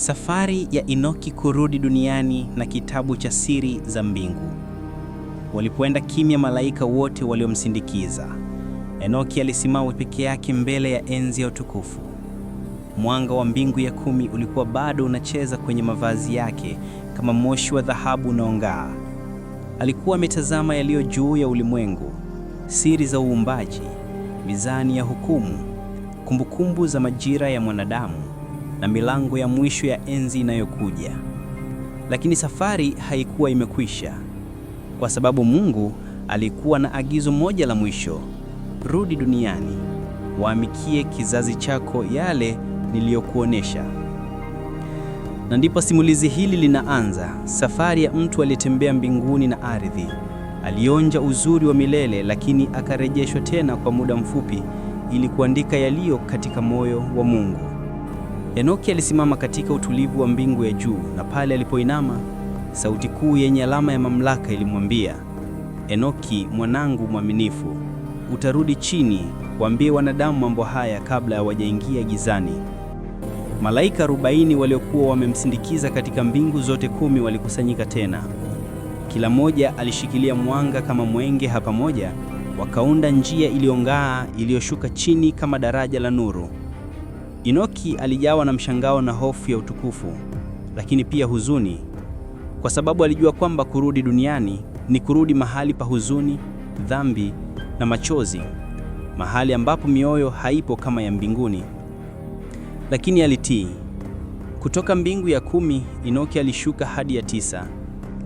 Safari ya Enoki kurudi duniani na kitabu cha siri za mbingu. Walipoenda kimya malaika wote waliomsindikiza, Enoki alisimama peke yake mbele ya enzi ya utukufu. Mwanga wa mbingu ya kumi ulikuwa bado unacheza kwenye mavazi yake kama moshi wa dhahabu unaong'aa. Alikuwa ametazama yaliyo juu ya ulimwengu, siri za uumbaji, mizani ya hukumu, kumbukumbu za majira ya mwanadamu na milango ya mwisho ya enzi inayokuja. Lakini safari haikuwa imekwisha, kwa sababu Mungu alikuwa na agizo moja la mwisho: rudi duniani, waamikie kizazi chako yale niliyokuonesha. Na ndipo simulizi hili linaanza, safari ya mtu aliyetembea mbinguni na ardhi. Alionja uzuri wa milele, lakini akarejeshwa tena kwa muda mfupi ili kuandika yaliyo katika moyo wa Mungu. Enoki alisimama katika utulivu wa mbingu ya juu, na pale alipoinama, sauti kuu yenye alama ya mamlaka ilimwambia, Enoki mwanangu mwaminifu, utarudi chini, waambie wanadamu mambo haya kabla hawajaingia gizani. Malaika arobaini waliokuwa wamemsindikiza katika mbingu zote kumi walikusanyika tena. Kila mmoja alishikilia mwanga kama mwenge, hapa moja wakaunda njia iliyong'aa iliyoshuka chini kama daraja la nuru. Enoki alijawa na mshangao na hofu ya utukufu, lakini pia huzuni, kwa sababu alijua kwamba kurudi duniani ni kurudi mahali pa huzuni, dhambi na machozi, mahali ambapo mioyo haipo kama ya mbinguni. Lakini alitii. Kutoka mbingu ya kumi, Enoki alishuka hadi ya tisa,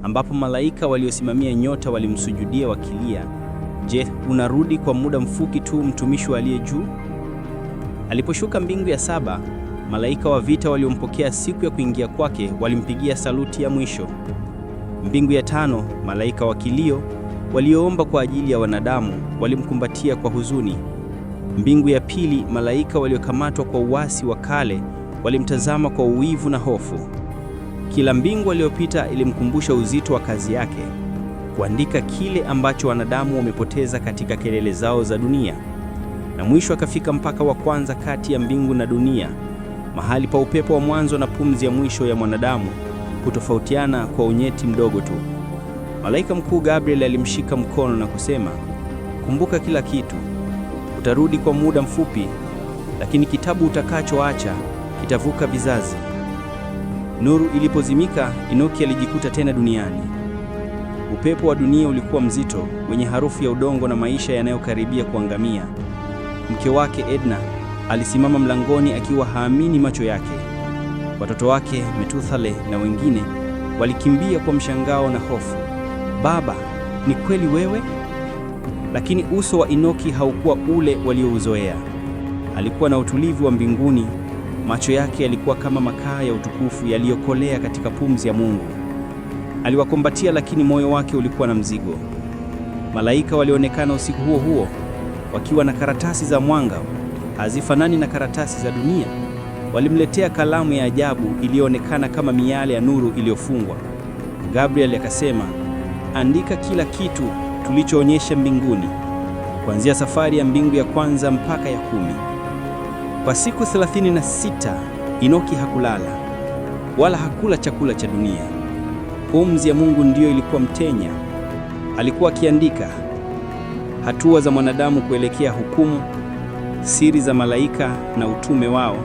ambapo malaika waliosimamia nyota walimsujudia wakilia, Je, unarudi kwa muda mfupi tu mtumishi aliye juu? Aliposhuka mbingu ya saba, malaika wa vita waliompokea siku ya kuingia kwake walimpigia saluti ya mwisho. Mbingu ya tano, malaika wa kilio walioomba kwa ajili ya wanadamu walimkumbatia kwa huzuni. Mbingu ya pili, malaika waliokamatwa kwa uasi wa kale walimtazama kwa uwivu na hofu. Kila mbingu aliyopita ilimkumbusha uzito wa kazi yake, kuandika kile ambacho wanadamu wamepoteza katika kelele zao za dunia na mwisho akafika mpaka wa kwanza kati ya mbingu na dunia, mahali pa upepo wa mwanzo na pumzi ya mwisho ya mwanadamu kutofautiana kwa unyeti mdogo tu. Malaika mkuu Gabriel alimshika mkono na kusema, kumbuka kila kitu. Utarudi kwa muda mfupi, lakini kitabu utakachoacha kitavuka vizazi. Nuru ilipozimika, Enoki alijikuta tena duniani. Upepo wa dunia ulikuwa mzito, wenye harufu ya udongo na maisha yanayokaribia kuangamia. Mke wake Edna alisimama mlangoni akiwa haamini macho yake. Watoto wake Metuthale na wengine walikimbia kwa mshangao na hofu. Baba, ni kweli wewe? Lakini uso wa Enoki haukuwa ule waliouzoea. Alikuwa na utulivu wa mbinguni, macho yake yalikuwa kama makaa ya utukufu yaliyokolea katika pumzi ya Mungu. Aliwakumbatia, lakini moyo wake ulikuwa na mzigo. Malaika walionekana usiku huo huo wakiwa na karatasi za mwanga hazifanani na karatasi za dunia. Walimletea kalamu ya ajabu iliyoonekana kama miale ya nuru iliyofungwa. Gabriel akasema, andika kila kitu tulichoonyesha mbinguni, kuanzia safari ya mbingu ya kwanza mpaka ya kumi. Kwa siku 36 inoki hakulala wala hakula chakula cha dunia. Pumzi ya Mungu ndiyo ilikuwa mtenya. Alikuwa akiandika hatua za mwanadamu kuelekea hukumu, siri za malaika na utume wao,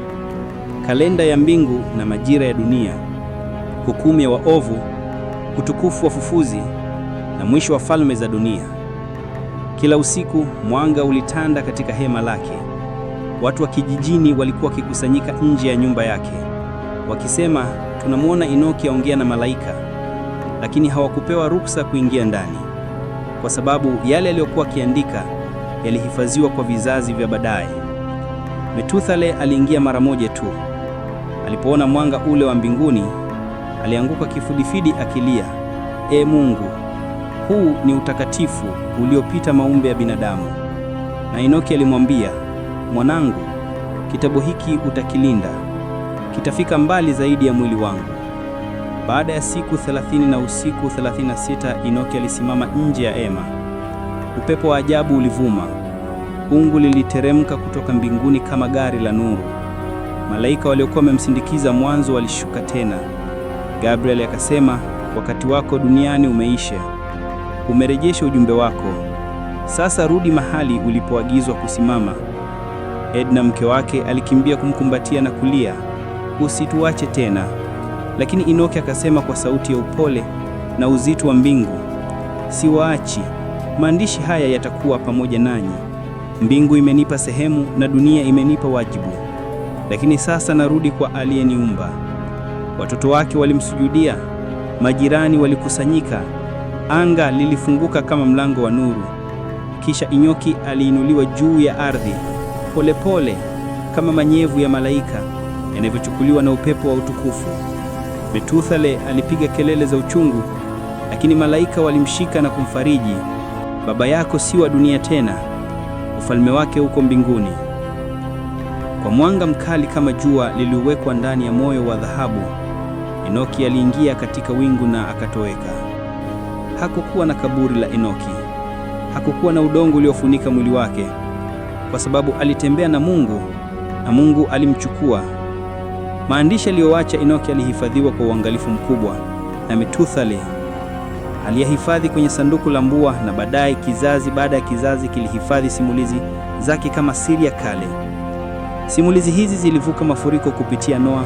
kalenda ya mbingu na majira ya dunia, hukumu ya waovu, utukufu wa fufuzi na mwisho wa falme za dunia. Kila usiku mwanga ulitanda katika hema lake. Watu wa kijijini walikuwa wakikusanyika nje ya nyumba yake wakisema, tunamwona Enoki aongea na malaika, lakini hawakupewa ruksa kuingia ndani kwa sababu yale aliyokuwa akiandika yalihifadhiwa kwa vizazi vya baadaye. metuthale aliingia mara moja tu. Alipoona mwanga ule wa mbinguni, alianguka kifudifidi akilia, e Mungu, huu ni utakatifu uliopita maumbe ya binadamu. Na Enoki alimwambia, mwanangu, kitabu hiki utakilinda, kitafika mbali zaidi ya mwili wangu. Baada ya siku thelathini na usiku 36 Enoki alisimama nje ya ema. Upepo wa ajabu ulivuma, ungu liliteremka kutoka mbinguni kama gari la nuru. Malaika waliokuwa wamemsindikiza mwanzo walishuka tena. Gabriel akasema, wakati wako duniani umeisha, umerejesha ujumbe wako, sasa rudi mahali ulipoagizwa kusimama. Edna mke wake alikimbia kumkumbatia na kulia, usituache tena. Lakini Enoki akasema kwa sauti ya upole na uzito wa mbingu, siwaachi. Maandishi haya yatakuwa pamoja nanyi. Mbingu imenipa sehemu na dunia imenipa wajibu, lakini sasa narudi kwa aliyeniumba. Watoto wake walimsujudia, majirani walikusanyika, anga lilifunguka kama mlango wa nuru. Kisha Enoki aliinuliwa juu ya ardhi polepole kama manyevu ya malaika yanavyochukuliwa na upepo wa utukufu metuthale alipiga kelele za uchungu, lakini malaika walimshika na kumfariji. Baba yako si wa dunia tena, ufalme wake uko mbinguni. Kwa mwanga mkali kama jua liliwekwa ndani ya moyo wa dhahabu, Enoki aliingia katika wingu na akatoweka. Hakukuwa na kaburi la Enoki, hakukuwa na udongo uliofunika mwili wake, kwa sababu alitembea na Mungu na Mungu alimchukua. Maandishi aliyoacha Enoki alihifadhiwa kwa uangalifu mkubwa, na Methuselah aliyahifadhi kwenye sanduku la mbua, na baadaye kizazi baada ya kizazi kilihifadhi simulizi zake kama siri ya kale. Simulizi hizi zilivuka mafuriko kupitia Noa,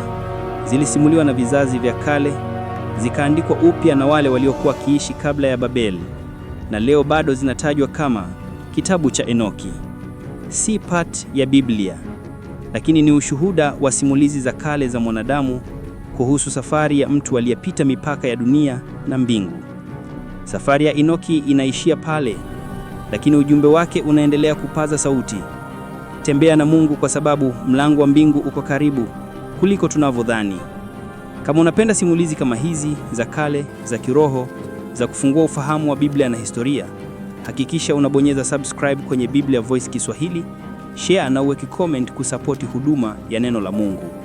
zilisimuliwa na vizazi vya kale, zikaandikwa upya na wale waliokuwa wakiishi kabla ya Babeli, na leo bado zinatajwa kama kitabu cha Enoki, si part ya Biblia lakini ni ushuhuda wa simulizi za kale za mwanadamu kuhusu safari ya mtu aliyepita mipaka ya dunia na mbingu. Safari ya Enoki inaishia pale, lakini ujumbe wake unaendelea kupaza sauti. Tembea na Mungu kwa sababu mlango wa mbingu uko karibu kuliko tunavyodhani. Kama unapenda simulizi kama hizi za kale, za kiroho, za kufungua ufahamu wa Biblia na historia, hakikisha unabonyeza subscribe kwenye Biblia Voice Kiswahili share na uweke comment kusapoti huduma ya neno la Mungu.